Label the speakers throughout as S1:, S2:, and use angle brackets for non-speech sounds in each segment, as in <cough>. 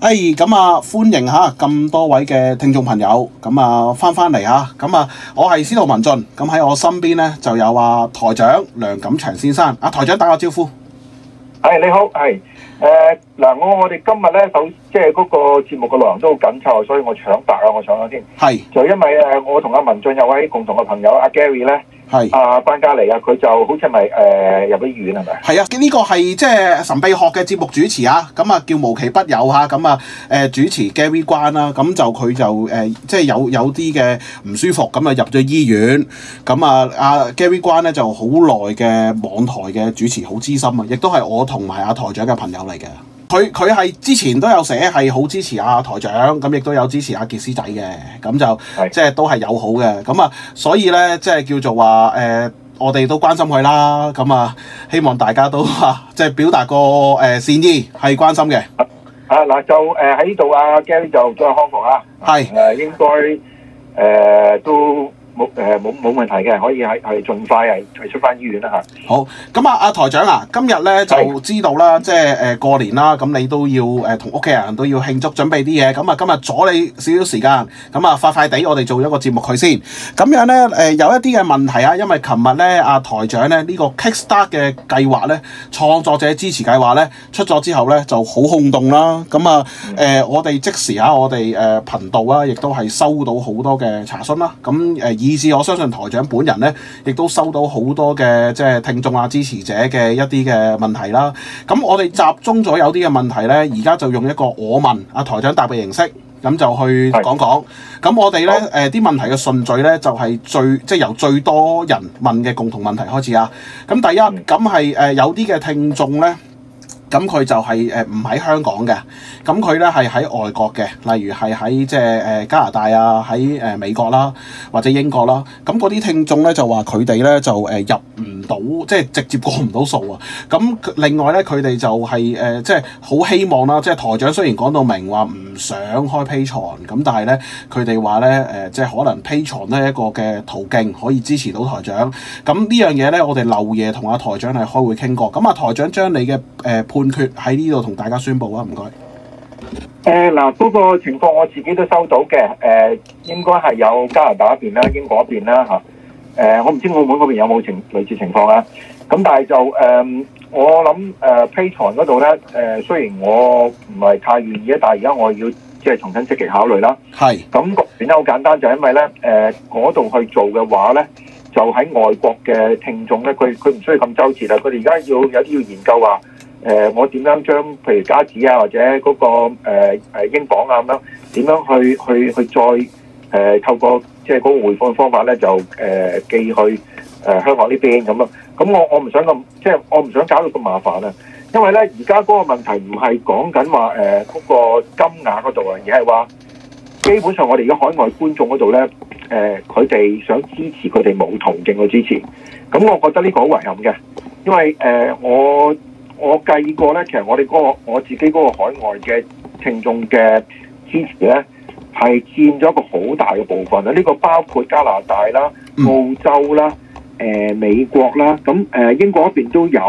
S1: 哎，咁啊、hey,，歡迎嚇咁多位嘅聽眾朋友，咁啊翻翻嚟嚇，咁啊，我係司徒文進，咁喺我身邊咧就有啊台長梁錦祥先生，啊，台長打個招呼，哎
S2: ，hey, 你好，係，誒、呃、嗱，我我哋今日咧首即係嗰、這個節目嘅內容都好緊湊，所以我搶答啊，我搶咗先，係，Hey. 就因為誒我同阿文進有位共同嘅朋友阿 Gary 咧。係啊，病家嚟、呃、
S1: 啊，佢、這個、就好似咪誒入咗醫院係咪？係啊，呢個係即係神秘學嘅節目主持啊，咁啊叫無奇不有嚇、啊，咁啊、呃、主持 Gary 關啦，咁就佢、呃、就誒即係有有啲嘅唔舒服，咁啊入咗醫院，咁啊阿 Gary 關咧就好耐嘅網台嘅主持，好資深啊，亦都係我同埋阿台長嘅朋友嚟嘅。佢佢係之前都有寫，係好支持阿、啊、台長，咁亦都有支持阿、啊、傑斯仔嘅，咁就是即係都係友好嘅。咁啊，所以咧，即係叫做話誒、呃，我哋都關心佢啦。咁啊，希望大家都吓、啊、即係表達個誒善意，係關心嘅、啊。啊嗱，就誒喺呢度，阿 Gary 就再康
S2: 復啊。係誒、啊是啊，應該誒、呃、都。冇冇冇問題嘅，可以喺係盡快係退出翻醫院啦嚇。
S1: 好，咁啊，阿台長啊，今日咧就知道啦，是的即係誒過年啦，咁你都要誒同屋企人都要慶祝，準備啲嘢。咁啊，今日阻你少少時間，咁啊快快地，我哋做一個節目佢先。咁樣咧誒、呃，有一啲嘅問題啊，因為琴日咧阿台長咧呢、呢個 Kickstart 嘅計劃咧，創作者支持計劃咧出咗之後咧就好轟動啦。咁啊誒、嗯呃，我哋即時嚇、啊、我哋誒、呃、頻道啊，亦都係收到好多嘅查詢啦。咁、嗯、誒、呃二是我相信台長本人咧，亦都收到好多嘅即係聽眾啊支持者嘅一啲嘅問題啦。咁我哋集中咗有啲嘅問題咧，而家就用一個我問啊台長答嘅形式，咁就去講講。咁的我哋咧誒啲問題嘅順序咧，就係、是、最即係由最多人問嘅共同問題開始啊。咁第一咁係誒有啲嘅聽眾咧。咁佢就係唔喺香港嘅，咁佢咧係喺外國嘅，例如係喺即係加拿大啊，喺美國啦，或者英國啦。咁嗰啲聽眾咧就話佢哋咧就入唔到，即係直接過唔到數啊。咁另外咧，佢哋就係即係好希望啦，即係台長雖然講到明話唔想開批牀，咁但係咧，佢哋話咧即係可能批牀咧一個嘅途徑可以支持到台長。咁呢樣嘢咧，我哋漏夜同阿台長係開會傾過。咁啊台長將你嘅判決喺呢度同大家宣布啊，唔該。
S2: 誒嗱、呃，嗰、那個情況我自己都收到嘅。誒、呃，應該係有加拿大嗰邊啦，英國嗰邊啦嚇。誒、啊呃，我唔知道澳門嗰邊有冇情類似情況啊。咁但係就誒、呃，我諗誒 Patreon 嗰度咧，誒、呃呃、雖然我唔係太願意，但係而家我要即係重新積極考慮啦。係是。咁變得好簡單，就係、是、因為咧，誒嗰度去做嘅話咧，就喺外國嘅聽眾咧，佢佢唔需要咁周折啦。佢哋而家要有啲要研究話。誒、呃，我點樣將譬如加紙啊，或者嗰、那個誒、呃、英鎊啊咁樣，點樣去去去再誒、呃、透過即係嗰個匯款嘅方法咧，就誒、呃、寄去誒香港呢邊咁咯。咁我我唔想咁，即、就、係、是、我唔想搞到咁麻煩啊。因為咧，而家嗰個問題唔係講緊話誒嗰個金額嗰度啊，而係話基本上我哋而家海外觀眾嗰度咧，誒佢哋想支持佢哋冇同境去支持。咁我覺得呢個好遺憾嘅，因為誒、呃、我。我計過咧，其實我哋嗰個我自己嗰個海外嘅聽眾嘅支持咧，係佔咗一個好大嘅部分啊！呢個包括加拿大啦、澳洲啦、誒美國啦，咁誒英國嗰邊都有，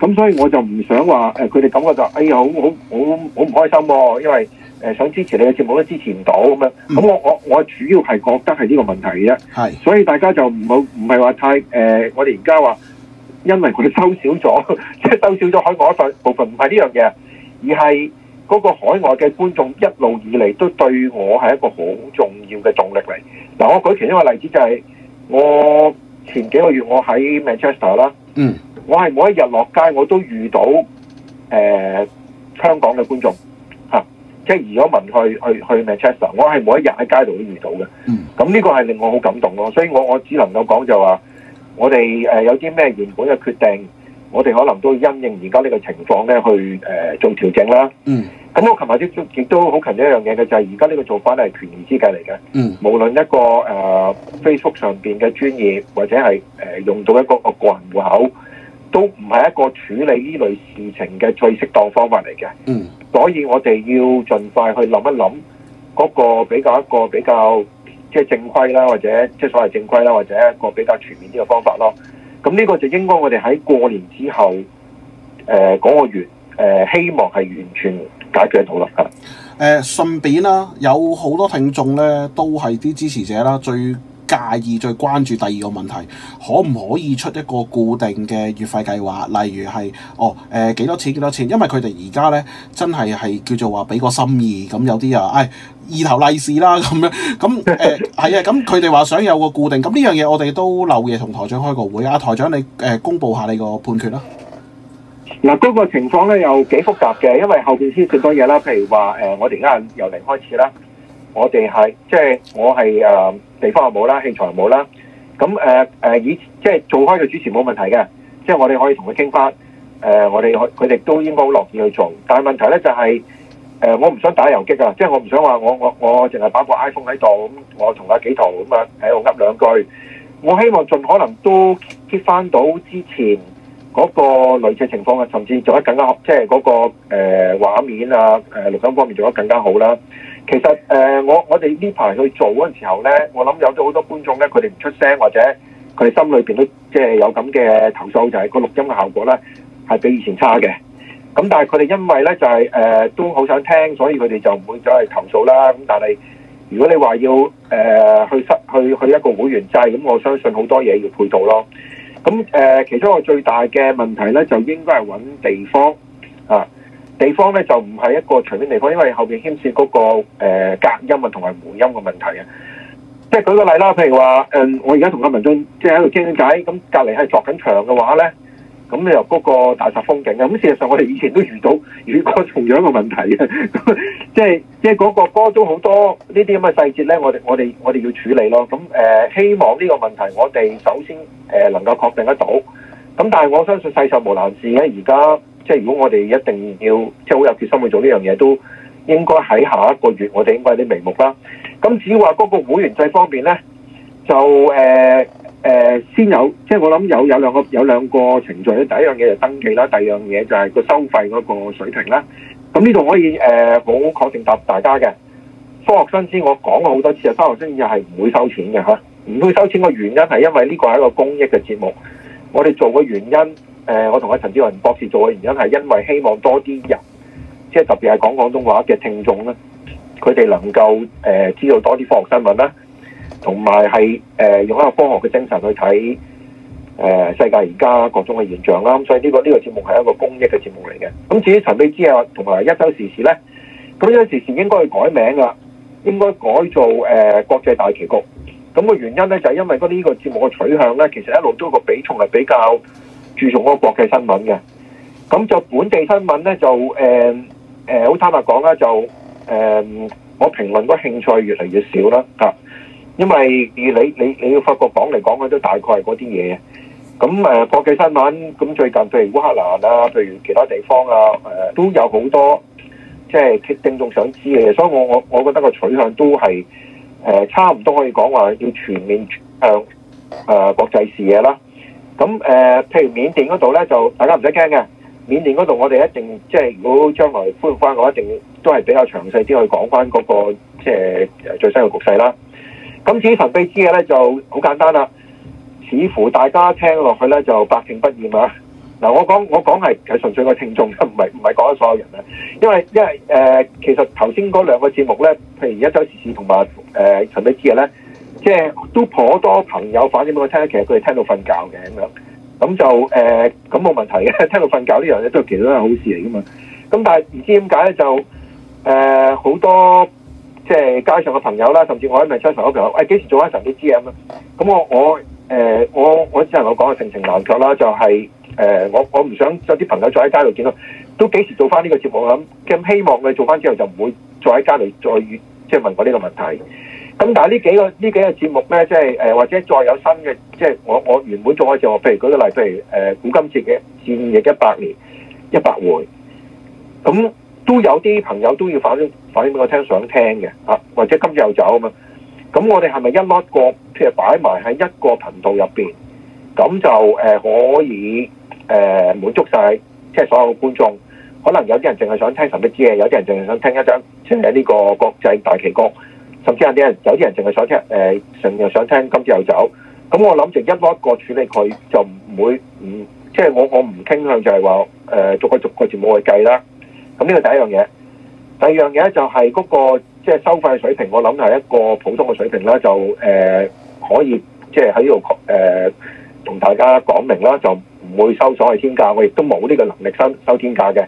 S2: 咁所以我就唔想話誒佢哋感覺就哎呀好好好好唔開心喎，因為誒想支持你嘅節目都支持唔到咁樣。咁我我我主要係覺得係呢個問題啫，是所以大家就唔好唔係話太誒，我哋而家話。因為佢收少咗，即、就是、收少咗海外一部分，部分唔係呢樣嘢，而係嗰個海外嘅觀眾一路以嚟都對我係一個好重要嘅動力嚟。嗱，我舉其中一個例子就係、是、我前幾個月我喺 Manchester 啦，嗯，我係每一日落街我都遇到誒、呃、香港嘅觀眾、啊、即係移咗民去去去 Manchester，我係每一日喺街度都遇到嘅，嗯，咁呢個係令我好感動咯，所以我我只能夠講就話、是。我哋誒有啲咩原本嘅決定，我哋可能都會因應而家呢個情況咧，去、呃、誒做調整啦。嗯。咁我琴日亦都亦都好近一樣嘢嘅，就係而家呢個做法咧係權宜之計嚟嘅。嗯。無論一個誒、呃、Facebook 上邊嘅專頁，或者係誒、呃、用到一個，一個個人戶口，都唔係一個處理呢類事情嘅最適當方法嚟嘅。嗯。所以我哋要盡快去諗一諗嗰個比較一個比較。即係正規啦，或者即係所謂正規啦，或者一個比較全面啲嘅方法咯。咁呢個就應該我哋喺過年之後，誒、呃、講、嗰個月，誒、呃、希望係完全解決得到啦。誒、
S1: 呃，順便啦，有好多聽眾咧都係啲支持者啦，最。介意再關注第二個問題，可唔可以出一個固定嘅月費計劃？例如係哦誒幾、呃、多錢幾多錢？因為佢哋而家咧真係係叫做話俾個心意咁，有啲啊唉，二頭利、呃、 <laughs> 是啦咁樣咁誒係啊咁，佢哋話想有個固定咁呢樣嘢，我哋都漏夜同台長開個會啊，台長你誒、呃、公佈下你個判決啦。嗱，嗰個情況咧又幾
S2: 複雜嘅，因為後邊先好多嘢啦。譬如話誒、呃，我哋而家由零開始啦，我哋係即係我係誒。呃地方又冇啦，器材又冇啦，咁誒誒以即係做開個主持冇問題嘅，即係我哋可以同佢傾翻，誒、呃、我哋佢哋都應該好樂意去做，但係問題咧就係、是、誒、呃、我唔想打遊擊啊，即係我唔想話我我我淨係擺部 iPhone 喺度咁，我同阿幾圖咁啊喺度噏兩句，我希望盡可能都 keep 翻到之前嗰個類似情況啊，甚至做得更加好即係嗰、那個誒、呃、畫面啊誒、呃、錄音方面做得更加好啦。其實誒、呃，我我哋呢排去做嗰陣時候呢，我諗有咗好多觀眾呢，佢哋唔出聲或者佢哋心裏邊都即係有咁嘅投訴，就係、是、個錄音嘅效果呢係比以前差嘅。咁但係佢哋因為呢，就係、是、誒、呃、都好想聽，所以佢哋就唔會再去投訴啦。咁但係如果你話要誒、呃、去失去去一個會員制咁，我相信好多嘢要配套咯。咁誒、呃，其中一個最大嘅問題呢，就應該係揾地方啊。地方咧就唔係一個隨便地方，因為後邊牽涉嗰個隔音啊同埋回音嘅問題啊。即係舉個例啦，譬如話我而家同阿文進即係喺度傾緊偈，咁隔離係作緊牆嘅話咧，咁又嗰個大煞風景啊。咁事實上我哋以前都遇到遇過同樣嘅問問題。即係即係嗰個歌中好多呢啲咁嘅細節咧，我哋我哋我哋要處理咯。咁、呃、希望呢個問題我哋首先誒能夠確定得到。咁但係我相信世上無難事嘅，而家。即係如果我哋一定要即係好有決心去做呢樣嘢，都應該喺下一個月，我哋應該有啲眉目啦。咁至於話嗰個會員制方面咧，就誒誒、呃呃、先有，即係我諗有有兩個有兩個程序咧。第一樣嘢就係登記啦，第二樣嘢就係個收費嗰個水平啦。咁呢度可以誒好確定答大家嘅。科學新知我講過好多次啊，科學新知係唔會收錢嘅吓，唔會收錢嘅原因係因為呢個係一個公益嘅節目，我哋做嘅原因。誒，我同阿陳志雲博士做嘅原因係因為希望多啲人，即係特別係講廣東話嘅聽眾咧，佢哋能夠誒、呃、知道多啲科學新聞啦，同埋係誒用一個科學嘅精神去睇誒、呃、世界而家各種嘅現象啦。咁所以呢、這個呢、這個節目係一個公益嘅節目嚟嘅。咁至於陳美之啊同埋一週時事咧，咁一週時事應該要改名㗎，應該改做誒、呃、國際大棋局。咁、那個原因咧就係、是、因為啲呢個節目嘅取向咧，其實一路都有一個比重係比較注重嗰個國際新聞嘅，咁就本地新聞咧就誒誒好坦白講啦，就誒我評論嗰興趣越嚟越少啦嚇，因為你你你要發覺講嚟講去都大概係嗰啲嘢，咁誒國際新聞咁最近譬如烏克蘭啊，譬如其他地方啊，誒都有好多即係聽眾想知嘅，所以我我我覺得個取向都係誒差唔多可以講話要全面向誒國際視野啦。咁誒、呃，譬如緬甸嗰度咧，就大家唔使驚嘅。緬甸嗰度我哋一定即係，如果將來恢復翻，我一定都係比較詳細啲去講翻嗰個即係最新嘅局勢啦。咁至於神秘之夜咧，就好簡單啦。似乎大家聽落去咧，就百聽不厭啊。嗱，我講我講係係純粹個聽眾唔係唔係講緊所有人啊。因為因為誒，其實頭先嗰兩個節目咧，譬如一周時事同埋神秘之夜咧。即係都頗多朋友反映俾我聽，其實佢哋聽到瞓覺嘅咁樣，咁就誒咁冇問題嘅，聽到瞓覺呢樣嘢都係其實都係好事嚟嘅嘛。咁但係唔知點解咧就誒好、呃、多即係街上嘅朋友啦，甚至我喺咪信上嗰啲朋友，誒、哎、幾時做翻神都知啊嘛。咁我我誒、呃、我我之前我講嘅性情難卻啦，就係、是、誒、呃、我我唔想有啲朋友再喺街度見到，都幾時做翻呢個節目咁咁希望佢做翻之後就唔會在再喺街度再越即係問我呢個問題。咁但係呢幾個呢幾個節目咧，即係誒或者再有新嘅，即係我我原本仲可以做，譬如舉個例，譬如誒《古今節嘅戰役一百年一百回》，咁都有啲朋友都要反映反映俾我聽，想聽嘅嚇，或者今日又走啊嘛。咁我哋係咪一粒個譬如擺埋喺一個頻道入邊，咁就誒可以誒、呃、滿足晒。即係所有嘅觀眾。可能有啲人淨係想聽神秘之夜，有啲人淨係想聽一張即係呢個國際大棋局。甚至有啲人，有啲人淨係想聽，誒、呃，成日想聽，今朝又走，咁我諗就一個一個處理佢，就唔會唔，即係我我唔傾向就係話，誒、呃，逐個逐個字冇去計啦。咁呢個第一樣嘢，第二樣嘢就係嗰、那個即係收費水平，我諗係一個普通嘅水平啦，就誒、呃、可以即係喺度誒同大家講明啦，就唔會收所謂天價，我亦都冇呢個能力收收天價嘅。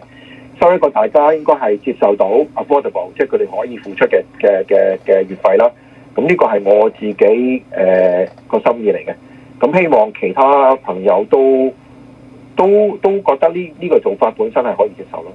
S2: 所以個大家應該係接受到 affordable，即係佢哋可以付出嘅嘅嘅嘅月費啦。咁呢個係我自己誒個、呃、心意嚟嘅。咁希望其他朋友都都都覺得呢呢、個做法本身係可以接受咯。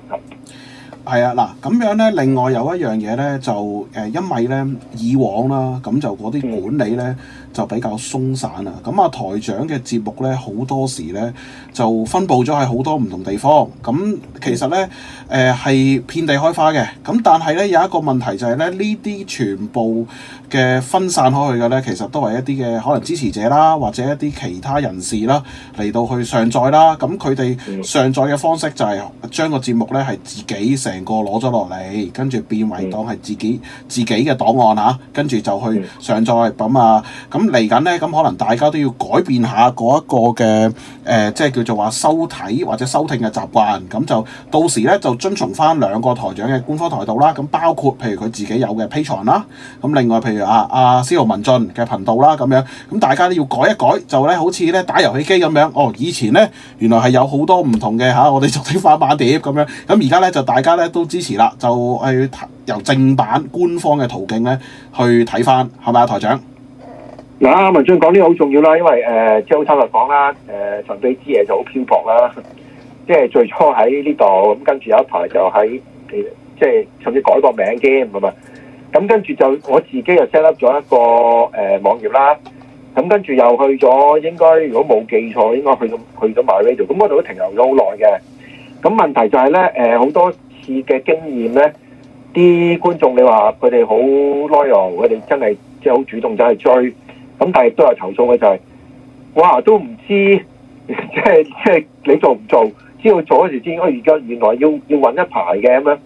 S1: 係啊，嗱，咁樣咧，另外有一樣嘢咧，就誒因為咧以往啦，咁就嗰啲管理咧就比較鬆散啦咁啊，台長嘅節目咧好多時咧就分佈咗喺好多唔同地方。咁其實咧誒係遍地開花嘅。咁但係咧有一個問題就係咧，呢啲全部嘅分散開去嘅咧，其實都係一啲嘅可能支持者啦，或者一啲其他人士啦嚟到去上載啦。咁佢哋上載嘅方式就係將個節目咧係自己寫。成個攞咗落嚟，跟住變為當係自己、嗯、自己嘅檔案跟住、啊、就去上載咁啊！咁嚟緊呢，咁可能大家都要改變下嗰一個嘅、呃、即係叫做話收睇或者收聽嘅習慣。咁就到時呢，就遵從返兩個台長嘅官方台度啦。咁、啊、包括譬如佢自己有嘅 P 站啦、啊，咁另外譬如啊阿司、啊、徒文進嘅頻道啦咁、啊、樣，咁、啊、大家都要改一改，就呢，好似呢打遊戲機咁樣。哦，以前呢，原來係有好多唔同嘅吓、啊，我哋就啲翻版碟咁樣，咁而家呢，就大家呢。都支持啦，就係由正版官方嘅途徑咧去睇翻，係咪啊？台長
S2: 嗱、啊，文進講呢個好重要啦，因為誒，即係好坦白講啦，誒、呃，神秘之夜就好漂泊啦，即係最初喺呢度，咁跟住有一排就喺，即係甚至改個名添，咁啊，咁跟住就我自己又 set up 咗一個誒、呃、網頁啦，咁跟住又去咗，應該如果冇記錯，應該去咗去咗 MyRadio，咁嗰度都停留咗好耐嘅，咁問題就係、是、咧，誒、呃、好多。嘅經驗咧，啲觀眾你話佢哋好 loyal，佢哋真係即係好主動走去追，咁但係都有投訴嘅就係、是，哇都唔知即係即係你做唔做，知道坐嗰時先，哎而家原來要要搵一排嘅咁樣，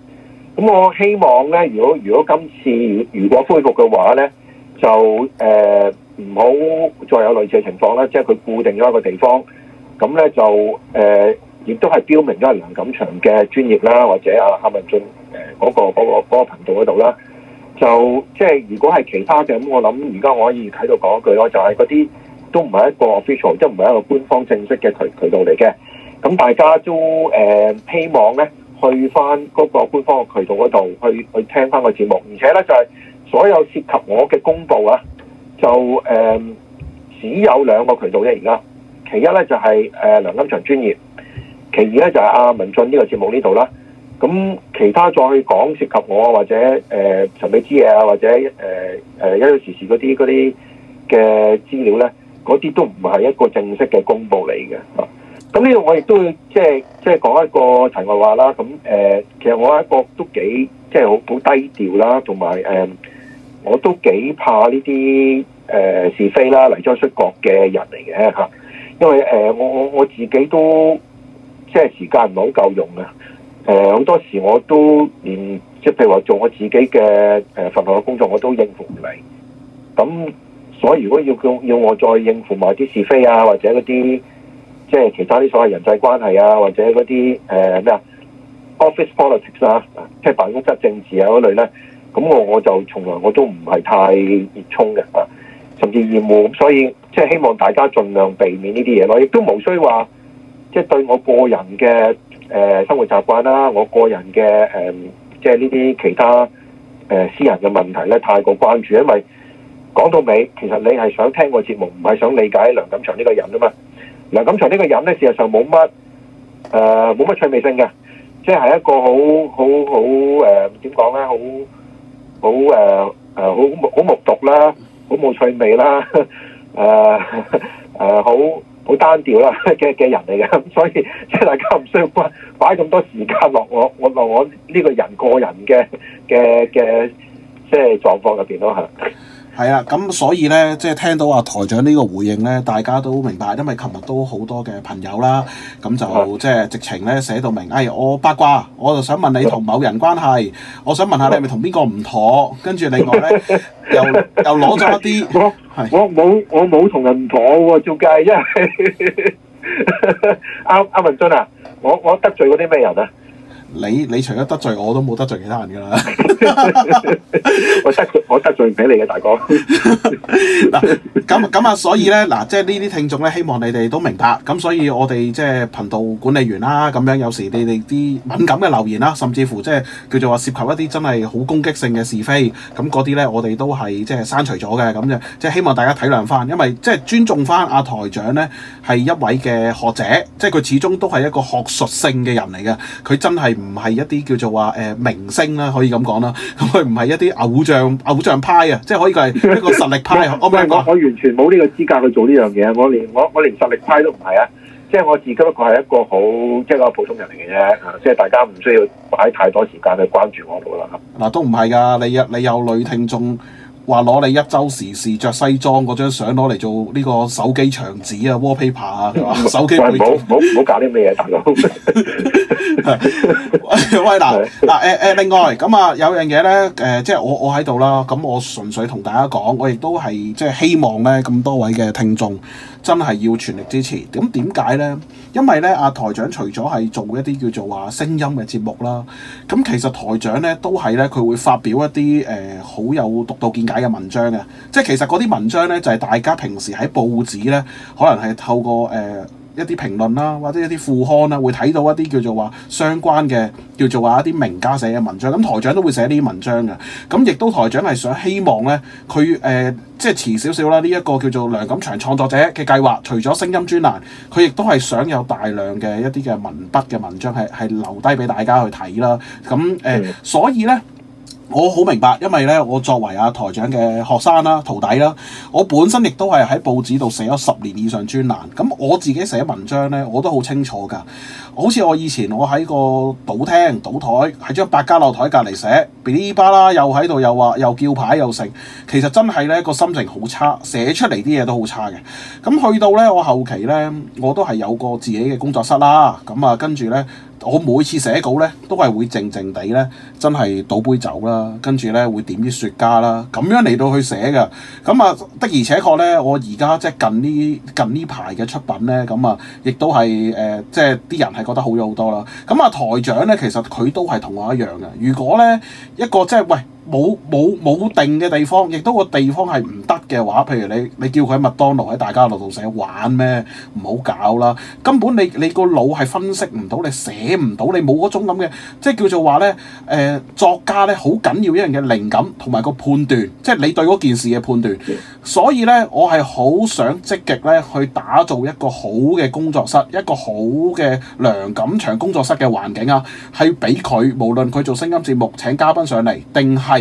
S2: 咁我希望咧，如果如果今次如果恢復嘅話咧，就誒唔好再有類似嘅情況啦，即係佢固定咗一個地方，咁咧就誒。呃亦都係標明咗係梁錦祥嘅專頁啦，或者阿夏文俊誒、那、嗰個嗰、那個那個、頻道嗰度啦，就即係如果係其他嘅，我諗而家我可以喺度講一句咯，就係嗰啲都唔係一個 official，即唔係一個官方正式嘅渠渠道嚟嘅。咁大家都誒、呃、希望咧去翻嗰個官方嘅渠道嗰度去去聽翻個節目，而且咧就係、是、所有涉及我嘅公佈啊，就誒、呃、只有兩個渠道啫。而家其一咧就係、是、誒、呃、梁錦祥專頁。其二咧就係阿文進呢個節目呢度啦，咁其他再講涉及我或者誒神秘之夜啊，或者誒誒一於時事嗰啲啲嘅資料咧，嗰啲都唔係一個正式嘅公佈嚟嘅嚇。咁呢度我亦都會即係即係講一個題外話啦。咁、啊、誒，其實我係一個都幾即係好好低調啦，同埋誒，我都幾怕呢啲誒是非啦、嚟咗出國嘅人嚟嘅嚇。因為誒、啊，我我我自己都。即係時間唔係好夠用啊！誒，好多時我都連即係譬如話做我自己嘅誒份內嘅工作，我都應付唔嚟。咁所以如果要叫要我再應付埋啲是非啊，或者嗰啲即係其他啲所謂人際關係啊，或者嗰啲誒咩啊 office politics 啦、啊，即係辦公室政治啊嗰類咧，咁我我就從來我都唔係太熱衷嘅啊，甚至厭惡。咁所以即係、就是、希望大家盡量避免呢啲嘢咯，亦都無需話。即係對我個人嘅誒生活習慣啦，我個人嘅誒即係呢啲其他誒私人嘅問題咧，太過關注，因為講到尾，其實你係想聽個節目，唔係想理解梁錦祥呢個人吖嘛。梁錦祥呢個人咧，事實上冇乜誒冇乜趣味性嘅，即係一個好好好誒點講咧，好好誒誒好好木獨啦，好冇趣味啦，誒誒好。呃呃很好單調啦嘅嘅人嚟嘅，咁所以即係大家唔需要擺擺咁多時間落我我落我呢個人個人嘅嘅嘅即係狀況入邊咯嚇。
S1: 係啊，咁所以咧，即係聽到啊台長呢個回應咧，大家都明白，因為琴日都好多嘅朋友啦，咁就即係直情咧寫到明，哎，我八卦，我就想問你同某人關係，我想問下你係咪同邊個
S2: 唔妥，跟住另外咧 <laughs> 又又攞咗一啲 <laughs> 我是，我冇我冇同人唔妥喎、啊，照計，因為阿阿、 <laughs> 啊、文進啊，我我得罪嗰啲咩人啊？
S1: 你你除咗得罪我都冇得罪其他人噶啦，
S2: 我 <laughs> 得罪 <laughs> 我得罪唔起你嘅
S1: 大哥。嗱咁咁啊，所以咧嗱，即係呢啲聽眾咧，希望你哋都明白。咁所以我，我哋即係頻道管理員啦、啊，咁樣有時你哋啲敏感嘅留言啦、啊，甚至乎即係叫做話涉及一啲真係好攻擊性嘅是非，咁嗰啲咧，我哋都係即係刪除咗嘅。咁就即係希望大家體諒翻，因為即係尊重翻阿、啊、台長咧，係一位嘅學者，即係佢始終都係一個學術性嘅人嚟嘅，佢真係。唔係一啲叫做話誒、呃、明星啦，可以咁講啦。咁佢唔係一啲偶像偶像派啊，即係可以講係一個實力派。 <laughs> 我我完全冇呢
S2: 個資格去做呢樣嘢。我連我我連實力派都唔係啊。即係我自己，佢係一個好即係一個普通人嚟嘅啫。即、啊、係大家唔需要擺太多時間去關注我度啦。嗱、啊，都唔係
S1: 噶。你一你有女聽眾話攞你一周時事着西裝嗰張相攞嚟做呢個手機牆紙啊、 <laughs> wallpaper 啊、 <laughs> 手機唔好唔好
S2: 唔好搞啲咩嘢，大佬。 <laughs> <laughs>
S1: <laughs> 喂，嗱、嗱，另外，咁啊，有樣嘢咧，即係我我喺度啦，咁我純粹同大家講，我亦都係即係希望咧咁多位嘅聽眾真係要全力支持。咁點解咧？因為咧阿、啊、台長除咗係做一啲叫做話聲音嘅節目啦，咁其實台長咧都係咧佢會發表一啲好、呃、有獨到見解嘅文章嘅，即係其實嗰啲文章咧就係、是、大家平時喺報紙咧可能係透過誒。呃一啲評論啦，或者一啲副刊啦，會睇到一啲叫做話相關嘅叫做話一啲名家寫嘅文章。咁台長都會寫呢啲文章嘅，咁亦都台長係想希望呢，佢誒、呃、即係遲少少啦。呢、這、一個叫做梁錦祥創作者嘅計劃，除咗聲音專欄，佢亦都係想有大量嘅一啲嘅文筆嘅文章係係留低俾大家去睇啦。咁誒，呃嗯、所以呢。我好明白，因為咧，我作為啊台長嘅學生啦、徒弟啦，我本身亦都係喺報紙度寫咗十年以上專欄。咁我自己寫文章咧，我都好清楚㗎。好似我以前我喺個賭廳、賭台，喺張百家樂台隔籬寫，噼哩啪啦，又喺度又話又叫牌又成。其實真係咧個心情好差，寫出嚟啲嘢都好差嘅。咁去到咧，我後期咧，我都係有個自己嘅工作室啦。咁啊，跟住咧。我每次寫稿咧，都係會靜靜地咧，真係倒杯酒啦，跟住咧會點啲雪茄啦，咁樣嚟到去寫㗎。咁啊，的而且確咧，我而家即係近呢近呢排嘅出品咧，咁啊，亦都係、呃、即係啲人係覺得好咗好多啦。咁啊，台長咧其實佢都係同我一樣嘅。如果咧一個即係喂。冇冇冇定嘅地方，亦都個地方係唔得嘅話，譬如你你叫佢喺麥當勞喺大家樂度寫玩咩？唔好搞啦！根本你你個腦係分析唔到，你寫唔到，你冇嗰種咁嘅，即係叫做話咧，誒作家咧好緊要一樣嘅靈感同埋個判斷，即係你對嗰件事嘅判斷。所以咧，我係好想積極咧去打造一個好嘅工作室，一個好嘅梁錦祥工作室嘅環境啊，係俾佢無論佢做聲音節目請嘉賓上嚟定係。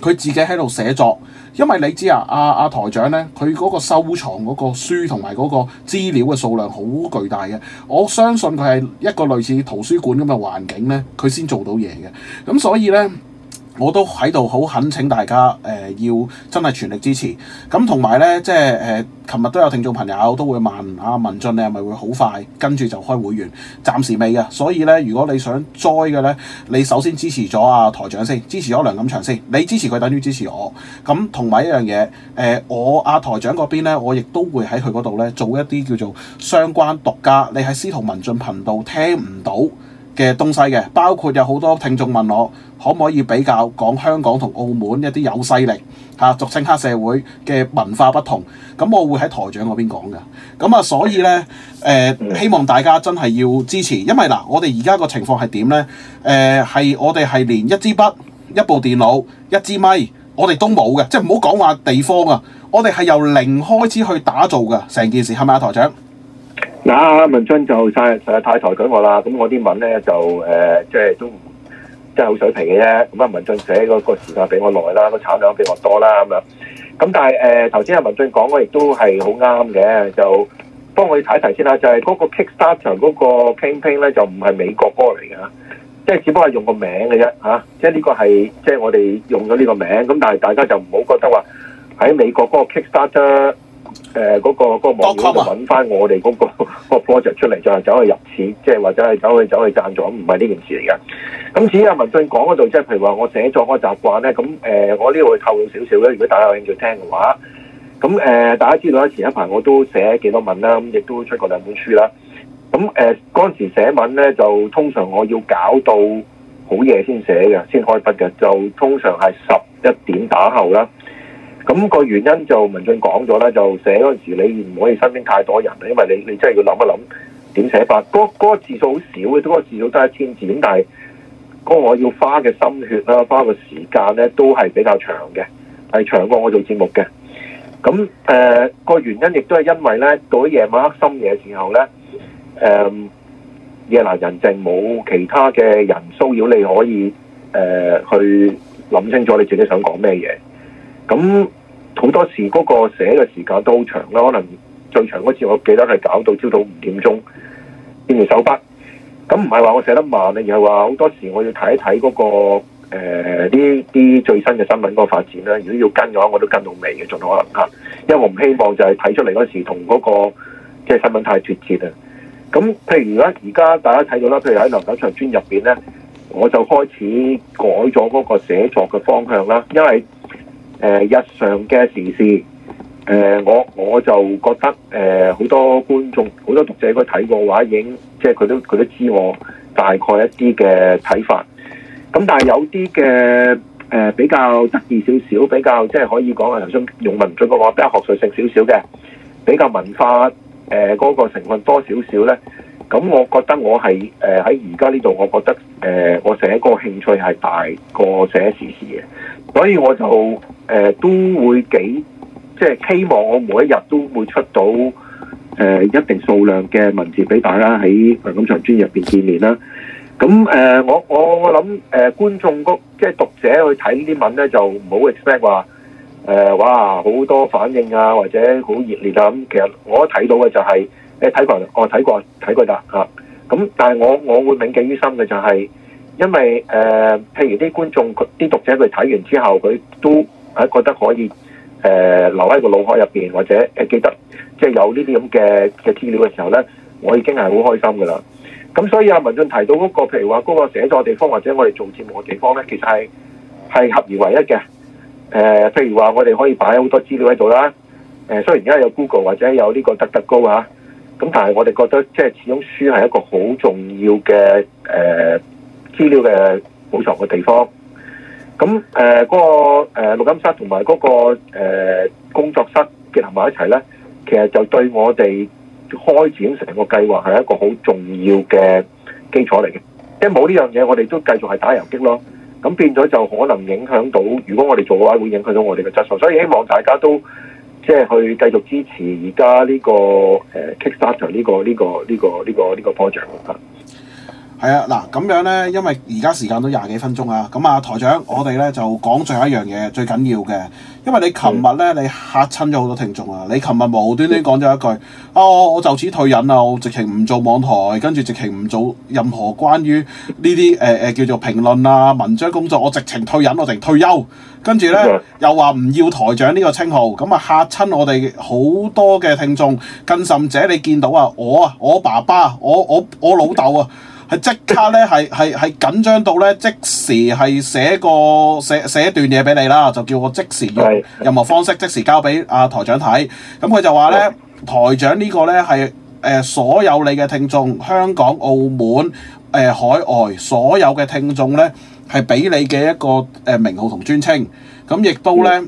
S1: 佢自己喺度寫作，因為你知啊，阿、啊、阿、啊、台長呢，佢嗰個收藏嗰個書同埋嗰個資料嘅數量好巨大嘅，我相信佢係一個類似圖書館咁嘅環境呢，佢先做到嘢嘅，咁所以呢。我都喺度好懇請大家誒、呃，要真係全力支持。咁同埋呢，即係誒，琴、呃、日都有聽眾朋友都會問阿、啊、文進，你係咪會好快跟住就開會員？暫時未嘅，所以呢，如果你想 join 嘅呢，你首先支持咗阿、啊、台長先，支持咗梁錦祥先，你支持佢等於支持我。咁同埋一樣嘢，誒、呃，我阿、啊、台長嗰邊呢，我亦都會喺佢嗰度呢，做一啲叫做相關獨家，你喺司徒文進頻道聽唔到嘅東西嘅，包括有好多聽眾問我。可唔可以比較講香港同澳門一啲有勢力嚇，俗稱黑社會嘅文化不同？咁我會喺台長嗰邊講嘅。咁啊，所以呢，誒、呃嗯、希望大家真係要支持，因為嗱，我哋而家個情況係點呢？誒、呃，係我哋係連一支筆、一部電腦、一支咪，我哋都冇嘅，即係唔好講話地方啊！我哋係由零開始去打造嘅，成件事係咪啊，台長？
S2: 嗱，文進就晒曬太抬舉我啦，咁我啲文呢，就誒，即係都。真係好水平嘅啫，咁啊，文俊寫嗰個時間比我耐啦，個產量比我多啦咁樣。咁但係誒，頭先阿文俊講嘅亦都係好啱嘅，就幫我哋睇一題先啦。就係嗰個 Kickstarter 嗰個 campaign 咧，就唔係美國嗰個嚟嘅，即係只不過係用個名嘅啫嚇，即係呢個係即係我哋用咗呢個名，咁但係大家就唔好覺得話喺美國嗰個 Kickstarter。誒嗰、呃那個嗰、那個網友就揾翻我哋嗰個 project 出嚟，就係走去入市，即係或者係走去走去贊助，唔係呢件事嚟噶。咁至於阿文進講嗰度，即係譬如話我寫作嘅習慣咧，咁誒、呃、我呢度會透露少少咧。如果大家有興趣聽嘅話，咁誒、呃、大家知道咧，前一排我都寫幾多文啦，咁亦都出過兩本書啦。咁誒嗰陣時寫文咧，就通常我要搞到好夜先寫嘅，先開筆嘅，就通常係十一點打後啦。咁個原因就文進講咗啦，就寫嗰陣時你唔可以身邊太多人，因為你你真係要諗一諗點寫法。嗰、嗰個字數好少嘅，嗰、嗰個字數得一千字咁，但係嗰個我要花嘅心血啦，花嘅時間咧都係比較長嘅，係長過我做節目嘅。咁誒、呃、個原因亦都係因為咧，到咗夜晚黑深夜嘅時候咧，誒、呃、夜闌人靜，冇其他嘅人騷擾，你可以誒、呃、去諗清楚你自己想講咩嘢。咁好多時嗰個寫嘅時間都好長啦，可能最長嗰次我記得係搞到朝早五點鐘，變手筆。咁唔係話我寫得慢啊，而係話好多時我要睇一睇嗰個誒啲、呃、最新嘅新聞嗰個發展啦。如果要跟嘅話，我都跟到尾嘅，儘可能嚇。因為我唔希望就係睇出嚟嗰時同嗰、嗰個即係新聞太脫節啊。咁譬如咧，而家大家睇到啦，譬如喺龍眼長村入邊咧，我就開始改咗嗰個寫作嘅方向啦，因為，誒、呃、日常嘅時事，誒、呃、我我就覺得誒好、呃、多觀眾好多讀者應該睇過話已經，即係佢都佢都知我大概一啲嘅睇法。咁但係有啲嘅誒比較得意少少，比較,比較即係可以講係頭先用文言文嘅話比較學術性少少嘅，比較文化誒嗰、呃那個成分多少少咧。咁我覺得我係誒喺而家呢度，呃、在在我覺得誒、呃、我寫個興趣係大過寫時事嘅。所以我就誒、呃、都會幾即係希望我每一日都會出到誒、呃、一定數量嘅文字俾大家喺梁錦祥專頁入面見面啦。咁、嗯、誒、呃、我我諗誒、呃、觀眾嗰即係讀者去睇呢啲文咧就唔好 expect 話誒、呃、哇好多反應啊或者好熱烈啊咁。其實我一睇到嘅就係、是、睇、哎、過，哦過過啊嗯、我睇過睇過咋。咁但係我我會銘記於心嘅就係、是。因為誒、呃，譬如啲觀眾啲讀者佢睇完之後，佢都喺覺得可以誒、呃、留喺個腦海入邊，或者誒、呃、記得即係、就是、有呢啲咁嘅嘅資料嘅時候咧，我已經係好開心㗎啦。咁所以阿文俊提到嗰、那個譬如話嗰個寫作地方或者我哋做節目嘅地方咧，其實係係合而為一嘅。誒、呃，譬如話我哋可以擺好多資料喺度啦。誒、呃，雖然而家有 Google 或者有呢個得得高啊，咁但係我哋覺得即係、就是、始終書係一個好重要嘅誒。呃資料嘅儲藏嘅地方，咁誒嗰個誒錄音室同埋嗰個、呃、工作室結合埋一齊咧，其實就對我哋開展成個計劃係一個好重要嘅基礎嚟嘅。一冇呢樣嘢，我哋都繼續係打遊擊咯。咁變咗就可能影響到，如果我哋做嘅話，會影響到我哋嘅質素。所以希望大家都即係去繼續支持而家呢個、呃、Kickstarter 呢、這個呢、這個呢、這個呢、這個呢、這個 project。
S1: 係啊，嗱咁樣呢，因為而家時間都廿幾分鐘啊，咁啊台長，我哋呢就講最後一樣嘢，最緊要嘅，因為你琴日呢，你嚇親咗好多聽眾啊！你琴日無端端講咗一句啊、哦，我就此退隱啊，我直情唔做網台，跟住直情唔做任何關於呢啲誒誒叫做評論啊文章工作，我直情退隱，我直情退休，跟住呢，又話唔要台長呢個稱號，咁啊嚇親我哋好多嘅聽眾，更甚者你見到啊我啊我爸爸我我我老豆啊！係即刻咧，係係係緊張到咧，即時係寫個寫寫一段嘢俾你啦，就叫我即時用任何方式即時交俾阿台長睇。咁佢就話咧，台長呢個咧係誒所有你嘅聽眾，香港、澳門、誒海外所有嘅聽眾咧，係俾你嘅一個誒名號同尊稱。咁亦都咧。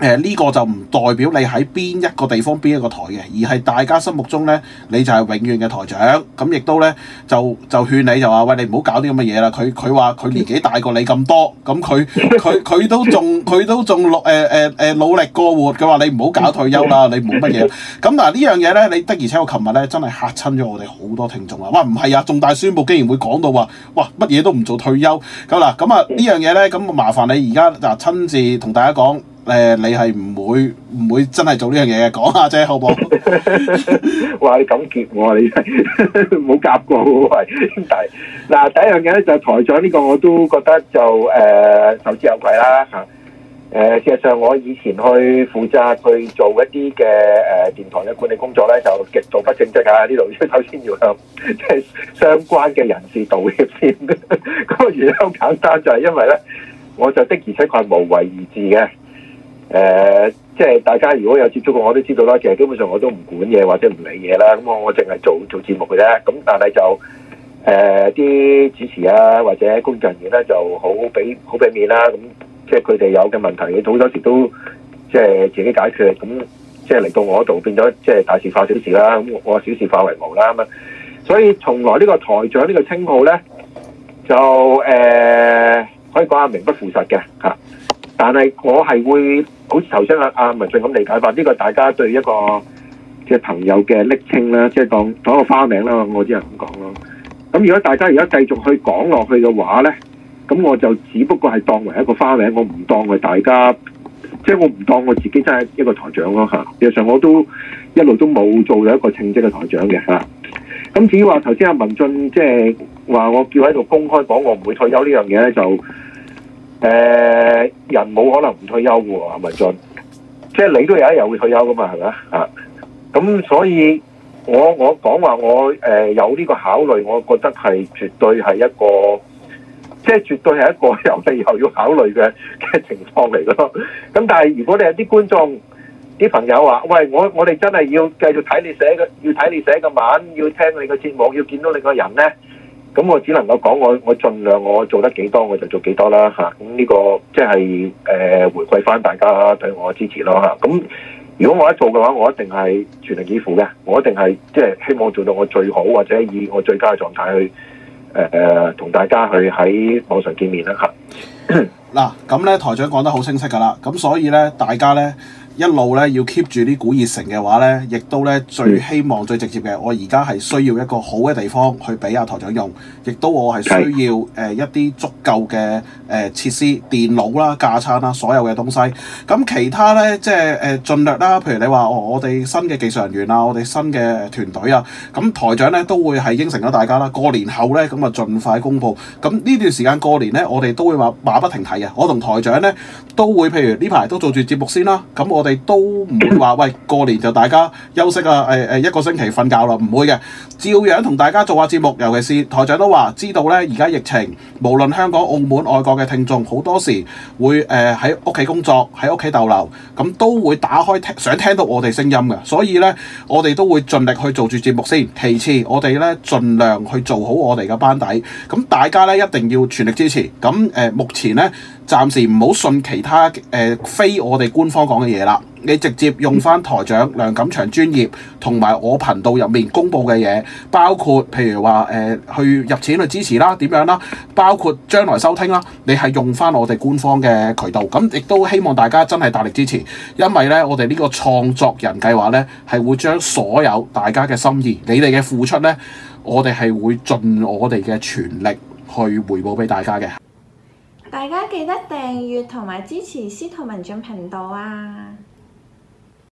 S1: 誒呢、呃呢個就唔代表你喺邊一個地方邊一個台嘅，而係大家心目中呢，你就係永遠嘅台長咁，亦都呢，就就勸你就話喂，你唔好搞啲咁嘅嘢啦。佢佢話佢年紀大過你咁多，咁佢佢佢都仲佢都仲、呃呃呃、努力過活。佢話你唔好搞退休啦，你冇乜嘢咁。嗱，呢樣嘢呢，你的而且確琴日呢，真係嚇親咗我哋好多聽眾啊！哇唔係啊，重大宣佈竟然會講到話哇乜嘢都唔做退休咁。嗱咁啊呢、啊、樣嘢呢，咁麻煩你而家嗱親自同大家講。誒， <laughs> 你係唔會唔會真係做呢樣嘢講下啫，好唔好？
S2: 話你咁結我啊！你冇夾過喂，兄弟。嗱、啊，第一樣嘢咧就是、台長呢、呢個，我都覺得就誒，呃、受之有愧啦嚇。誒、啊，事實上我以前去負責去做一啲嘅誒電台嘅管理工作咧，就極度不正職啊！呢度首先要向即係相關嘅人士道歉先。咁 <laughs> <laughs> 原因好簡單，就係、係、因為咧，我就的而且確係無為而治嘅。誒、呃，即係大家如果有接觸過，我都知道啦。其實基本上我都唔管嘢或者唔理嘢啦。咁我我淨係做做節目嘅啫。咁但係就誒啲、呃、主持啊或者工作人員咧、啊、就好俾好俾面啦、啊。咁、嗯、即係佢哋有嘅問題，好多時都即係自己解決。咁即係嚟到我度變咗，即係大事化小事啦。咁我小事化為無啦，咁，所以從來呢個台長呢個稱號咧，就誒、呃、可以講係名不符實嘅嚇，但係我係會。好似頭先阿阿文進咁理解法，呢個大家對一個嘅朋友嘅昵稱啦，即係當,當一個花名啦。我只係咁講咯。咁如果大家而家繼續去講落去嘅話咧，咁我就只不過係當為一個花名，我唔當為大家，即係我唔當我自己真係一個台長咯嚇。其實上我都一路都冇做咗一個稱職嘅台長嘅嚇。咁至於話頭先阿文進，即係話我叫喺度公開講我唔會退休呢樣嘢咧，就。誒人冇可能唔退休喎，係咪俊，即係你都有一日會退休噶嘛，係咪啊？咁所以我我講話我誒有呢個考慮，我覺得係絕對係一個，即係絕對係一個有理由要考慮嘅嘅情況嚟咯。咁但係如果你有啲觀眾、啲朋友話，喂，我我哋真係要繼續睇你寫嘅，要睇你寫嘅文，要聽你嘅節目，要見到你個人咧。咁我只能夠講，我我盡量我做得幾多我就做幾多啦嚇。咁、啊、呢個即係誒回饋返大家對我支持咯嚇。咁、啊啊、如果我一做嘅話，我一定係全力以赴嘅，我一定係即係希望做到我最好，或者以我最佳嘅狀態去誒誒同大家去喺網上見面啦嚇。
S1: 嗱、啊，咁咧、啊、台長講得好清晰㗎啦，咁所以咧大家咧。一路咧要 keep 住啲股熱誠嘅話咧，亦都咧最希望最直接嘅，我而家係需要一個好嘅地方去俾阿台長用，亦都我係需要誒、呃、一啲足夠嘅誒、呃、設施、電腦啦、架撐啦，所有嘅東西。咁其他咧即係誒盡量啦，譬如你話我哋新嘅技術人員啊，我哋新嘅團隊啊，咁台長咧都會係應承咗大家啦。過年後咧咁啊，就盡快公布，咁呢段時間過年咧，我哋都會話馬不停蹄啊！我同台長咧都會譬如呢排都做住節目先啦。咁我哋。都唔會話喂，過年就大家休息啊！誒、呃、誒，一個星期瞓覺啦，唔會嘅，照樣同大家做下節目。尤其是台長都話，知道呢。而家疫情，無論香港、澳門、外國嘅聽眾，好多時會誒喺屋企工作，喺屋企逗留，咁都會打開聽，想聽到我哋聲音嘅。所以呢，我哋都會盡力去做住節目先。其次我，我哋呢盡量去做好我哋嘅班底。咁大家呢一定要全力支持。咁誒、呃，目前呢。暫時唔好信其他誒、呃、非我哋官方講嘅嘢啦，你直接用翻台長梁錦祥專業同埋我頻道入面公布嘅嘢，包括譬如話、呃、去入錢去支持啦，點樣啦，包括將來收聽啦，你係用翻我哋官方嘅渠道，咁亦都希望大家真係大力支持，因為呢，我哋呢個創作人計劃呢，係會將所有大家嘅心意、你哋嘅付出呢，我哋係會盡我哋嘅全力去回報俾大家嘅。
S2: 大家記得訂閱同埋支持司徒文進頻道啊！